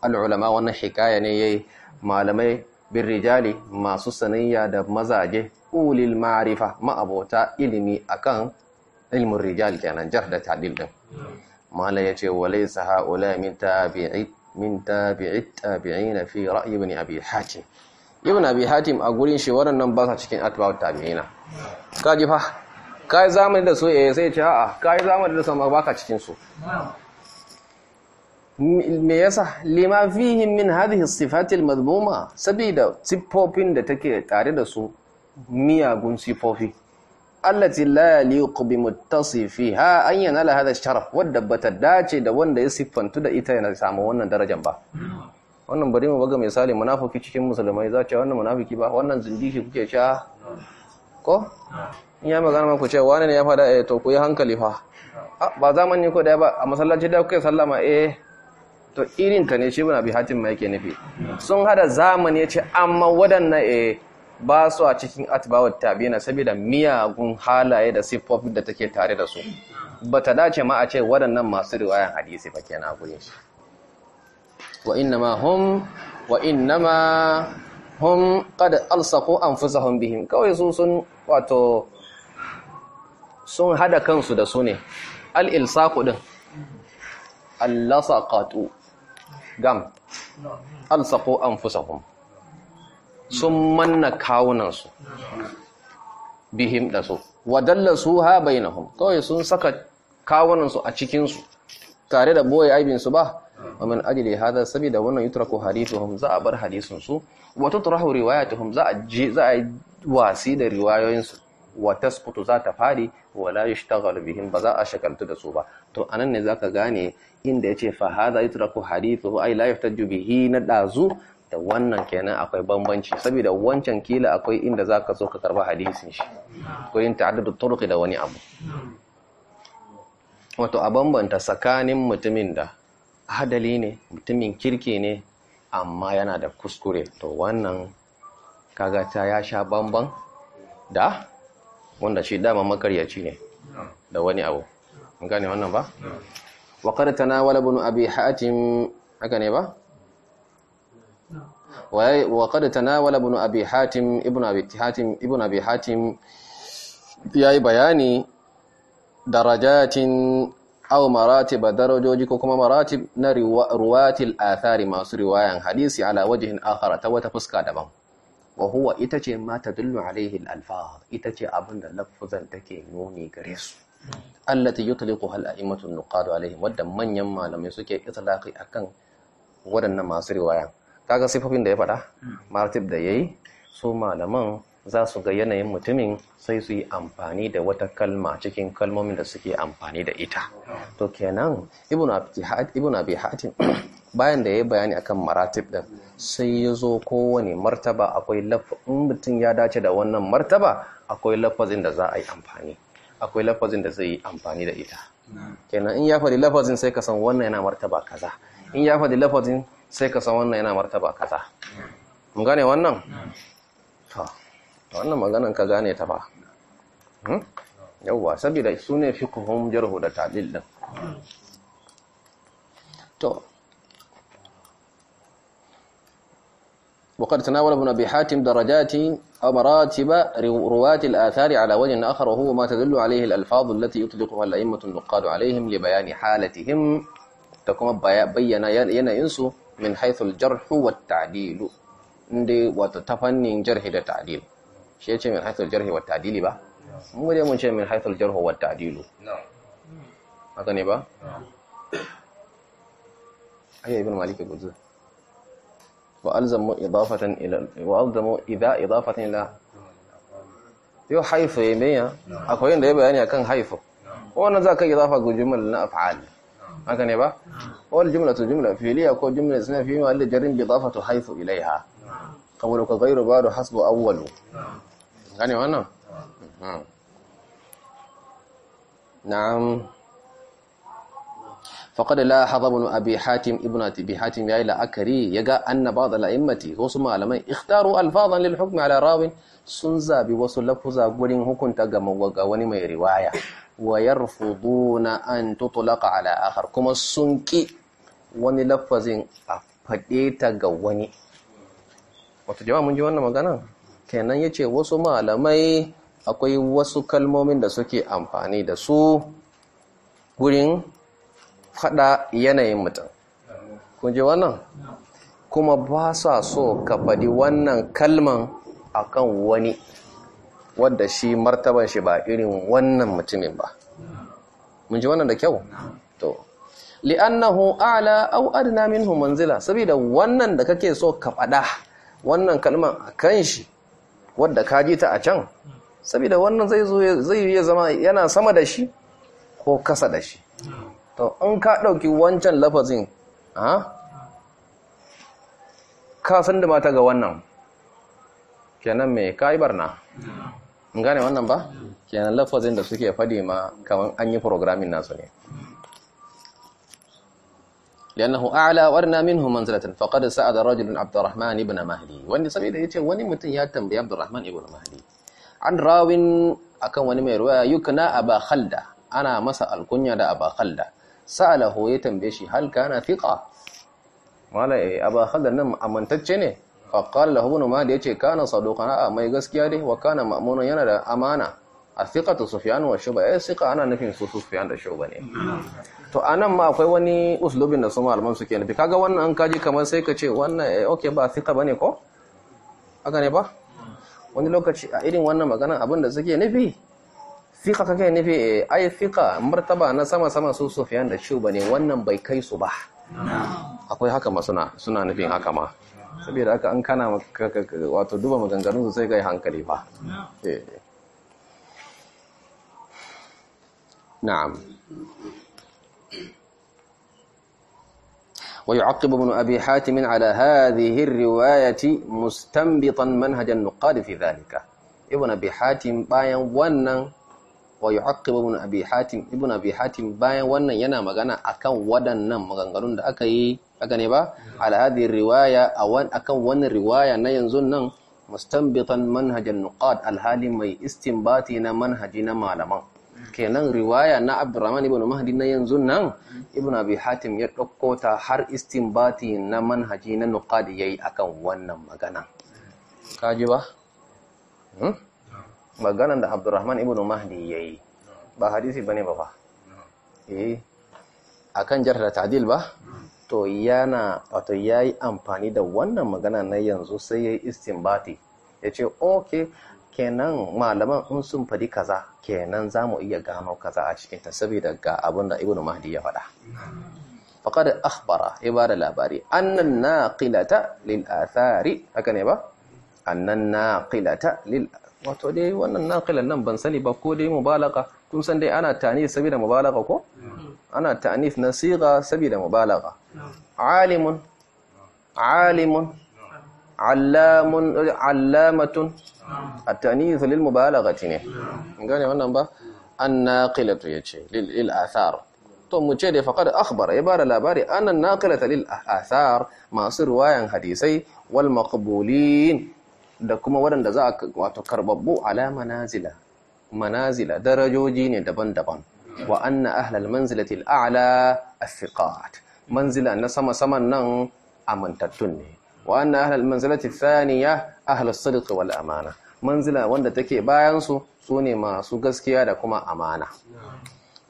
al'ulama wannan shikaya ne ya yi malamai bin rijali masu sanayya da mazaje ulil ma'arifa ma'abota ilimi akan ilmin rijal kenan jar da tadil din mala ya ce walai saha ula min tabi'it tabi'ina fi ra'ayi ibn abi hatim ibn abi a gurin shi waɗannan ba sa cikin atba'ut tabi'ina ka fa ka zamani da su eh sai ce a'a ka zamani da sama baka cikin su me yasa lima fihi min hadhihi sifati almadhmuma sabida sifofin da take tare da su miyagun sifofi allati la yuqbi muttasifiha an yanala hadha sharaf wadda bata dace da wanda ya siffantu da ita yana samu wannan darajar ba wannan bari mu baga misali munafiki cikin musulmai za ce wannan munafiki ba wannan zindishi kuke sha ko ya magana ku ce wani ne ya fada eh to ku hankali fa ba zamani ko daya ba a masallaci da kuke sallama eh to irin ta ne shi bin bi hatin mai ke nufi sun hada zamani ya ce amma wadanna eh ba su a cikin atbawat tabina saboda miyagun halaye da sifofi da take tare da su bata dace ma a ce waɗannan masu riwayan hadisi ba kenan gurin shi wa ma hum wa ma hum an fi sahun bihin kawai sun sun wato sun hada kansu da su ne al ilsaqu din ƙatu, gam fi sahun. sun manna kawunansu bihin da su su ha hun kawai sun saka kawunansu a cikinsu tare da boye aibinsu ba wa min ajiye hada saboda wannan yutraku hadithuhum za a bar hadisunsu su wa tutrahu riwayatuhum za a je za a wasi da riwayoyinsu wa tasqutu za ta fadi wa la yashtaghalu bihim ba za a shakaltu da su ba to anan ne zaka gane inda yace fa hadha yutraku hadithuhu ay la yaftaju bihi na dazu da wannan kenan akwai bambanci saboda wancan kila akwai inda zaka so ka karba hadisin shi ko yin ta'addud da wani abu wato a bambanta tsakanin mutumin da hadali ne mutumin kirki ne amma yana da kuskure to wannan kaga ta ya sha bambam da wanda shi dama makaryaci ne da wani abu gane wannan ba wa qad tanawala ibn abi hatim haka ne ba wa qad tanawala ibn abi hatim ibn abi hatim ibn abi hatim yayi bayani darajatin aw maratiba darajoji ko kuma maratib na ruwatil athari masu riwayan hadisi ala wajhin akhar ta wata fuska daban wa huwa ita ce ma tadullu alaihi al-alfaz ita ce abinda lafzan take nuni gare su allati yutliquha al-a'immatu an-nuqad alaihi wadda manyan malamai suke itlaqi akan wadannan masu riwayan kaga sifofin da ya fada maratib da yayi su malaman za su ga yanayin mutumin sai su yi amfani da wata kalma cikin kalmomin da suke amfani da ita to kenan ibn abi hatim (coughs) bayan da ya yi bayani akan maratib din sai ya zo kowane martaba akwai lafazin mutum ya dace da wannan martaba akwai lafazin da za a yi amfani akwai lafazin da zai yi amfani da ita kenan in ya faɗi lafazin sai ka san wannan yana martaba kaza in ya faɗi lafazin sai ka san wannan yana martaba kaza mun gane wannan to wannan maganan ka gane ta ba hmm? yauwa saboda su ne fiqhum jarhu da taɗil din to وقد تناول ابن أبي حاتم درجات أو مراتب رواة الآثار على وجه آخر وهو ما تدل عليه الألفاظ التي يطلقها الأئمة النقاد عليهم لبيان حالتهم تكون بيّن ينئنس من حيث الجرح والتعديل عند وتتفنن جرح التعديل shi ya ce min haithul jarhi wa ta'dili ba mun gode mun ce min haithul jarhi wa ta'dilu haka ne ba ayya ibn malik guzu wa alzamu idafatan ila wa alzamu idha idafatan ila yau haifu ya meya akwai inda ya bayani akan haifu wannan za ka yi zafa ga jumla na af'al haka ne ba wal jumlatu jumla fi'liya ko jumla sunna fi ma'al jarin bi idafatu haifu ilaiha qawlu ka ba da hasbu awwalu gane wannan na'am faqad la hadab abi hatim ibn abi hatim ya yi la'akari yaga anna da al-a'immati wasu malaman ikhtaru alfazan lil hukm ala rawin sun zabi wasu lafuza gurin hukunta ga mawaga wani mai riwaya wa yarfuduna an tutlaqa ala akhar kuma sun ƙi wani lafazin a faɗe ta ga wani wata jama'a mun ji wannan magana kenan ce wasu malamai akwai wasu kalmomin da suke amfani da su gurin fada yanayin mutum kun wannan kuma ba sa so ka faɗi wannan kalman akan wani wadda shi martaban shi ba irin wannan mutumin ba mun ji wannan da kyau to li'annahu a'la aw adna minhu manzila saboda wannan da kake so ka faɗa wannan kalman akan shi wadda ka ji ta a can saboda wannan zai zo zai iya zama yana sama da shi ko kasa da shi to in ka ɗauki wancan lafazin a ka san da mata ga wannan kenan mai kai barna in gane wannan ba kenan lafazin da suke faɗi ma kamar an yi programming nasu ne لأنه أعلى وأرنا منه منزلة فقد سأل رجل عبد الرحمن بن مهدي وأن سبيل يتي وني متن يتم عبد الرحمن بن مهدي عن راو أكن وني مي رواية يكنى أبا خلدة أنا alkunya da دا أبا خلدة سأله يتم بشي هل كان ثقة wala eh aba khaldar nan amantacce ne fa qala lahu ibn mali yace kana saduqan a mai gaskiya dai wa kana ma'munun yana da amana athiqatu sufyan wa shuba eh siqa ana nufin su sufyan da shuba ne to a nan ma akwai wani uslubin da su malaman suke nufi kaga wannan an kaji kamar sai ka ce wannan eh, oke, ba fika bane ko haka ne ba wani lokaci a irin wannan maganan abin da suke nufi ka kake nufi eh, ai fika martaba na sama sama su sufiyan da shu bane wannan bai kai su ba akwai haka ma suna suna nufin haka ma saboda haka an kana wato duba maganganun su sai kai hankali ba eh. na'am ويعقب ابن أبي حاتم على هذه الرواية مستنبطا منهج النقاد في ذلك ابن أبي حاتم باين ونن ويعقب ابن أبي حاتم ابن أبي حاتم باين ونن ينا مغانا أكن ودن مغانغرون دا أكي أكني با على هذه الرواية أوان أكن ون الرواية نينزون مستنبطا منهج النقاد الهالي مي استنباطي منهجنا معلمان kenan riwaya na abdurrahman ibn mahdi na yanzu nan ibn abi hatim ya ɗauko ta har istinbati na manhaji na yi yayi akan wannan magana kaji ba hmm? magana da abdurrahman ibn mahdi yayi ba hadisi bane ba ba eh akan jarh da ta'dil ba to yana wato yayi amfani da wannan magana na yanzu sai yayi istinbati yace okay kenan malaman in sun fadi kaza kenan za mu iya gano kaza a cikin ta. saboda ga abin da ibn mahdi ya faɗa faƙad akhbara ya ba da labari annan naqilata lil athari haka ne ba annan naqilata lil wato dai wannan naqilan nan ban sani ba ko dai mubalaka kun san dai ana tani saboda mubalaka ko ana ta'nif na siga saboda mubalagha alimun alimun allamun allamatun at-tanith lil mubalaghati ne gane wannan ba an-naqilatu yace lil athar to mu ce da faqad akhbara ya bada labari anan naqilata lil athar masu riwayan hadisai wal maqbulin da kuma waɗanda za a wato karbabbu ala manazila manazila darajoji ne daban-daban wa anna ahlal manzilati al a'la as-siqat manzila na sama-saman nan amintattun ne wa anna ahlal manzilati thaniya ahlus sidq wal amana manzila wanda take bayan su sune masu gaskiya da kuma amana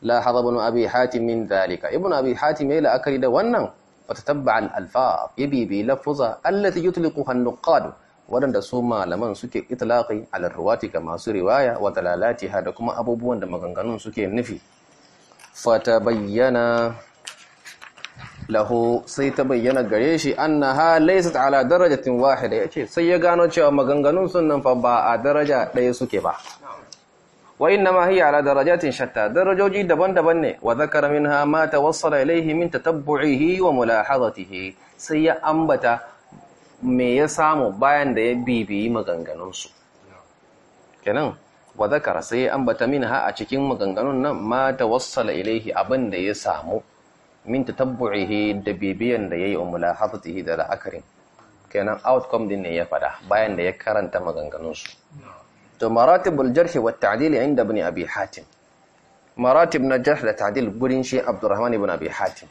la hadabun abi hatim min dalika ibn abi hatim yayi la'akari da wannan fatatabba al alfaz yabi bi lafza allati yutliquha an-nuqad wadanda su malaman suke itlaqi al ruwati ga masu riwaya wa dalalatiha da kuma abubuwan da maganganun suke nufi bayyana. lahu sai ta bayyana gare shi ha laysat ala darajatin wahida yace sai ya gano cewa maganganun sunan fa ba a daraja ɗaya suke ba wa inna ma hiya ala darajatin shatta darajoji daban-daban ne wa zakara minha ma tawassala ilayhi min tatabbu'ihi wa mulahadatihi sai ya ambata me ya samu bayan da ya bibiyi maganganun su kenan wa zakara sai ya ambata ha a cikin maganganun nan ma tawassala ilayhi abin da ya samu min tatabbu'ihi da bibiyan da yi umula hafatihi da la'akarin kenan outcome din ne ya fada bayan da ya karanta maganganunsu. to maratib jarh wa yayin da bani abi hatim maratib na jarh da ta'dil gurin shi abdurrahman ibn abi hatim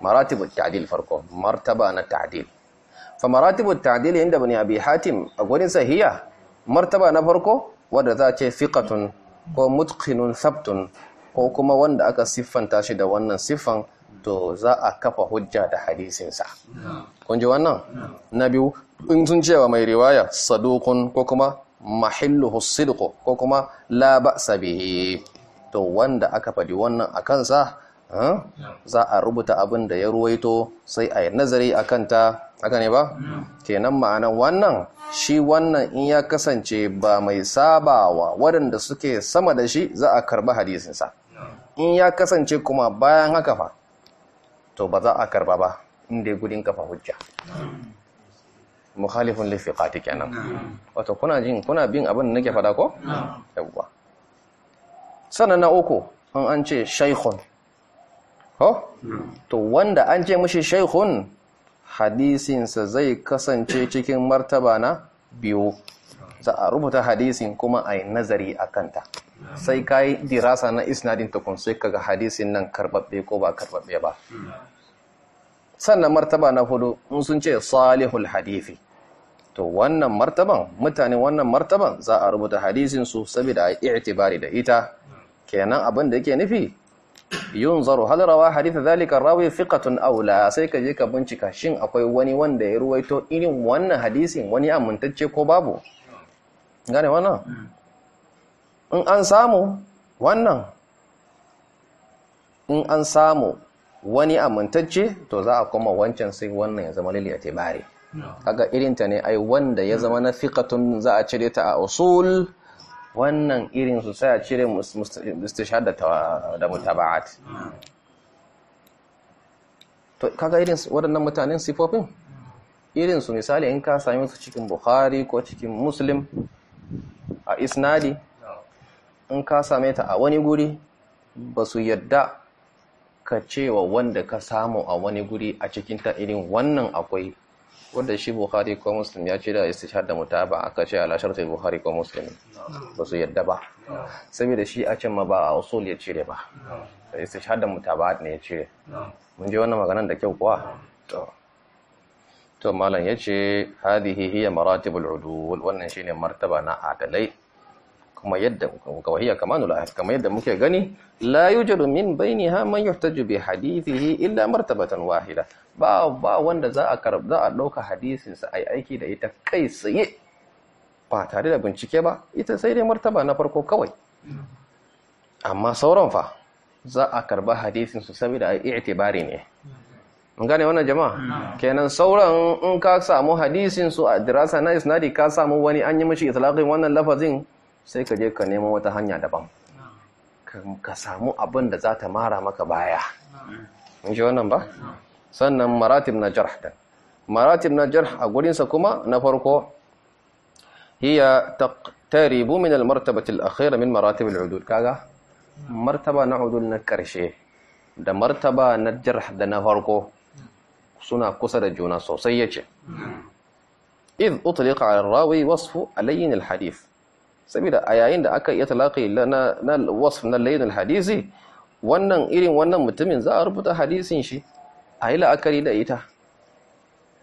maratibul ta'dil farko martaba na ta'dil fa maratibul yayin da bani abi hatim a gurin sahiya martaba na farko wanda za ce fiqatun ko mutqinun sabtun ko kuma wanda aka siffanta shi da wannan siffan to za a kafa hujja da hadisinsa kun ji wannan na biyu in sun cewa mai riwaya sadukun ko kuma mahilluhu sidqu ko kuma la ba'sa to wanda aka faɗi wannan a kansa za a rubuta abin da ya ruwaito sai a yi nazari a kanta haka ne ba kenan ma'anan wannan shi wannan in ya kasance ba mai sabawa waɗanda suke sama da shi za a karɓi hadisinsa in ya kasance kuma bayan haka fa to ba za a karba ba inda ya gudun kafa hujja Muhalifin laifin lifiqati kenan wato kuna jin kuna bin abin da nake fada ko yawwa sannan na uku an an ce shaikhun ko to wanda an ce mashi shaikhun hadisinsa zai kasance cikin martaba na biyu za a rubuta hadisin kuma a yi nazari a kanta sai ka yi dirasa na isnadin kun sai kaga hadisin nan karbabbe ko ba karbabbe ba sannan martaba na hudu in sun ce salihul hadithi to wannan martaban mutane wannan martaban za a rubuta hadisin su saboda a i'tibari da ita kenan abin da yake nufi yunzaru hal rawa hadith zalika rawi thiqatun aw la sai ka je ka bincika shin akwai wani wanda ya ruwaito irin wannan hadisin wani amintacce ko babu gane wannan in an samu wannan in an samu wani amintacce to za a kuma wancan sai wannan ya zama lili a tebari kaga irinta ne ai wanda ya zama na fiƙatun za a cire ta a usul wannan irin su sai a cire mustashhad da mutaba'at to kaga irin waɗannan mutanen sifofin irin su misali in ka same su cikin bukhari ko cikin muslim a isnadi in ka same ta a wani guri ba su yadda ka cewa wanda ka samu a wani guri a cikin ta irin wannan akwai Wadda shi buhari ko muslim ya ce da istishhad da ba aka ce ala shartul buhari ko muslim ba su yadda ba saboda shi a can ma ba a usul ya cire ba istishhad da ba ne ya cire mun je wannan maganar da kyau kuwa to to malam yace hadihi hiya maratibul udul wannan shine martaba na adalai kuma yadda kawahiyya kamanul ahad kamar yadda muke gani la yujadu min bainiha man yuhtaju bi hadithihi illa martabatan wahida ba ba wanda za a karba za a dauka hadisin sa ai aiki da ita kai tsaye ba tare da bincike ba ita sai dai martaba na farko kawai amma sauran fa za a karba hadisin su saboda ai i'tibari ne mun wannan jama'a kenan sauran in ka samu hadisin su a dirasa na isnadi ka samu wani an yi mishi itlaqin wannan lafazin sai ka je ka nemo wata hanya daban ka samu abin da za ta mara maka baya in wannan ba sannan maratib na jarh din maratib na jarh a gurinsa kuma na farko hiya taqtaribu min al-martabati al-akhira min maratib al kaga martaba na udul na karshe da martaba na jarh da na farko suna kusa da juna sosai yace idh utliqa ala rawi wasfu alayyin al saboda a yayin da aka iya talaƙi na wasf na layin hadisi wannan irin wannan mutumin za a rubuta hadisin shi a yi la'akari da ita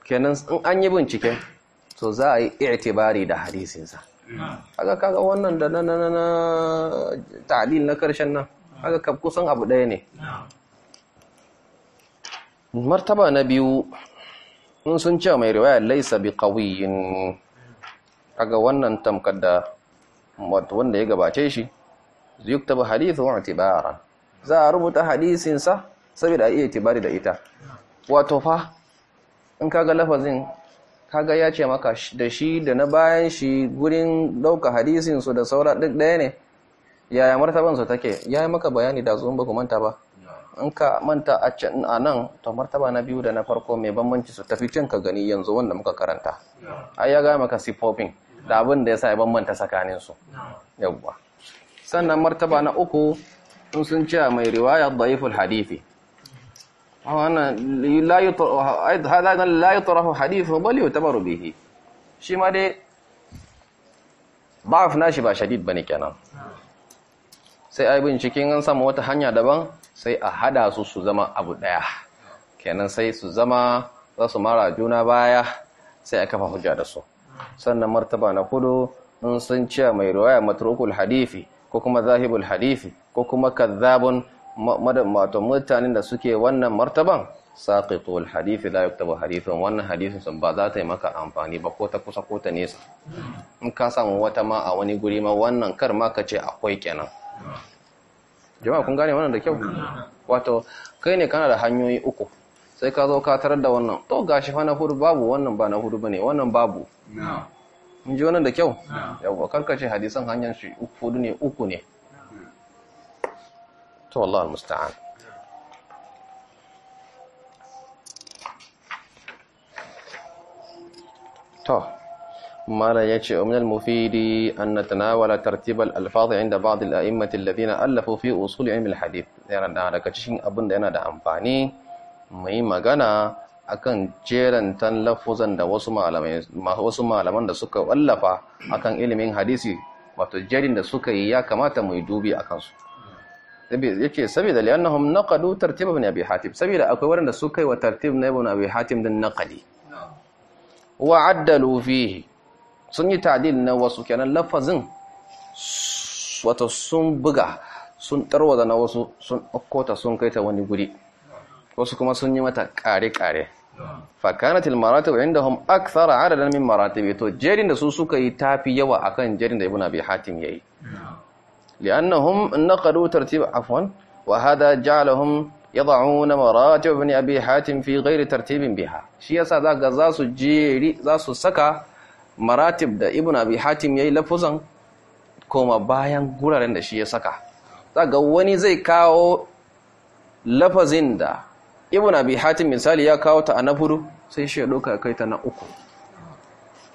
kenan in an yi binciken to za a yi i'tibari da hadisinsa aka kaga wannan da na na na karshen nan aka kaf kusan abu ɗaya ne martaba na biyu in sun ce mai riwaya laisa bi qawiyin aga wannan tamkar da wanda ya gabace shi ba hadithu wa itibaran za a rubuta hadisin saboda a iya itibari da ita wato fa in kaga lafazin kaga ya ce maka da shi da na bayan shi gurin dauka hadisinsu da saura duk daya ne yaya martabansu take Ya yi maka bayani da zuwan baku manta ba in ka manta a can a nan to martaba na biyu da na farko mai bambanci su tafi cin ka gani yanzu wanda muka karanta ai ya gaya maka sifofin da abin da ya sa ya bambanta tsakaninsu yawwa sannan martaba na uku in sun ce mai riwaya daiful hadithi wannan la yutrafu hadithu bal yutabaru bihi shi ma dai da'af nashi ba shadid bane kenan sai ai binciken an samu wata hanya daban sai a hada su su zama abu daya kenan sai su zama za su mara juna baya sai a kafa hujja da su sannan martaba na hudu in sun ce mai riwaya matrukul hadifi ko kuma zahibul hadifi ko kuma kazzabun wato mutanen da suke wannan martaban saqitul hadifi la yuktabu hadifin wannan hadifin sun ba za ta yi maka amfani ba ko ta kusa ko ta nesa in ka samu wata ma a wani guri ma wannan kar ma ka ce akwai kenan jama'a kun gane wannan da kyau wato kai ne kana da hanyoyi uku sai ka zo ka tarar da wannan to gashi fa na hudu babu wannan ba na hudu bane wannan babu mun ji wannan da kyau karka karkace hadisan hanyar shi hudu ne uku ne to wallahi almusta'an to مالا يجي من المفيد أن نتناول ترتيب الألفاظ عند بعض الأئمة الذين ألفوا في أصول علم yana يعني أنا كتشين أبن أنا da amfani. mu yi magana akan jeran tan lafuzan da wasu malaman da suka wallafa akan ilimin hadisi wato jerin da suka yi ya kamata mu dubi a kansu yake saboda li'annahum naqalu tartib ibn abi hatim saboda akwai waɗanda suka yi wa tartib na ibn abi hatim din naqali wa addalu fihi sun yi ta'dil na wasu kenan lafazin wato sun buga sun tarwada na wasu sun akkota sun kaita wani guri wasu kuma sun yi mata ƙare-ƙare fakanatil maratib indahum aksara adadan min maratib to jerin da su suka yi tafi yawa akan jerin da ibnu abi hatim yayi li'annahum naqalu tartib afwan wa hada ja'alahum yad'una maratib ibn abi hatim fi ghairi tartibin biha shi yasa zaka za su jeri za su saka maratib da ibnu abi hatim yayi lafuzan koma bayan guraren da shi ya saka zaka wani zai kawo lafazin da ibn abi hatim misali ya kawo ta na hudu sai shi ya doka kai ta na uku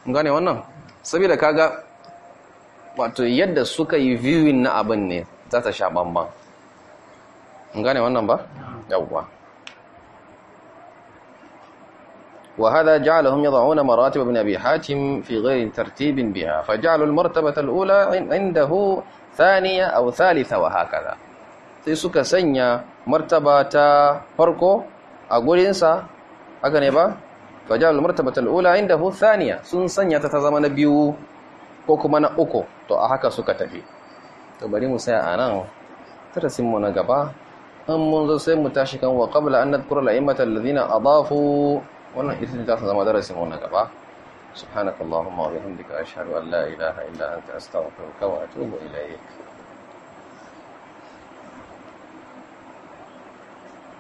gane wannan saboda kaga wato yadda suka yi viewing na abin ne za ta sha bamban gane wannan ba yawwa وهذا جعلهم يضعون مراتب ابن أبي حاتم في غير ترتيب بها فجعلوا المرتبة الأولى عنده ثانية أو ثالثة وهكذا sai suka sanya martaba ta farko a gurinsa haka ne ba fajal martabata al'ula indahu thaniya sun sanya ta ta zama na biyu ko kuma na uku to a haka suka tafi to bari mu sai nan tarasin mu na gaba an mun zo sai mu tashi kan wa qabla an nadhkura al-a'immata adafu wannan ita ta zama darasin mu na gaba subhanakallahumma wa bihamdika ashhadu an la ilaha illa anta astaghfiruka wa atubu ilayk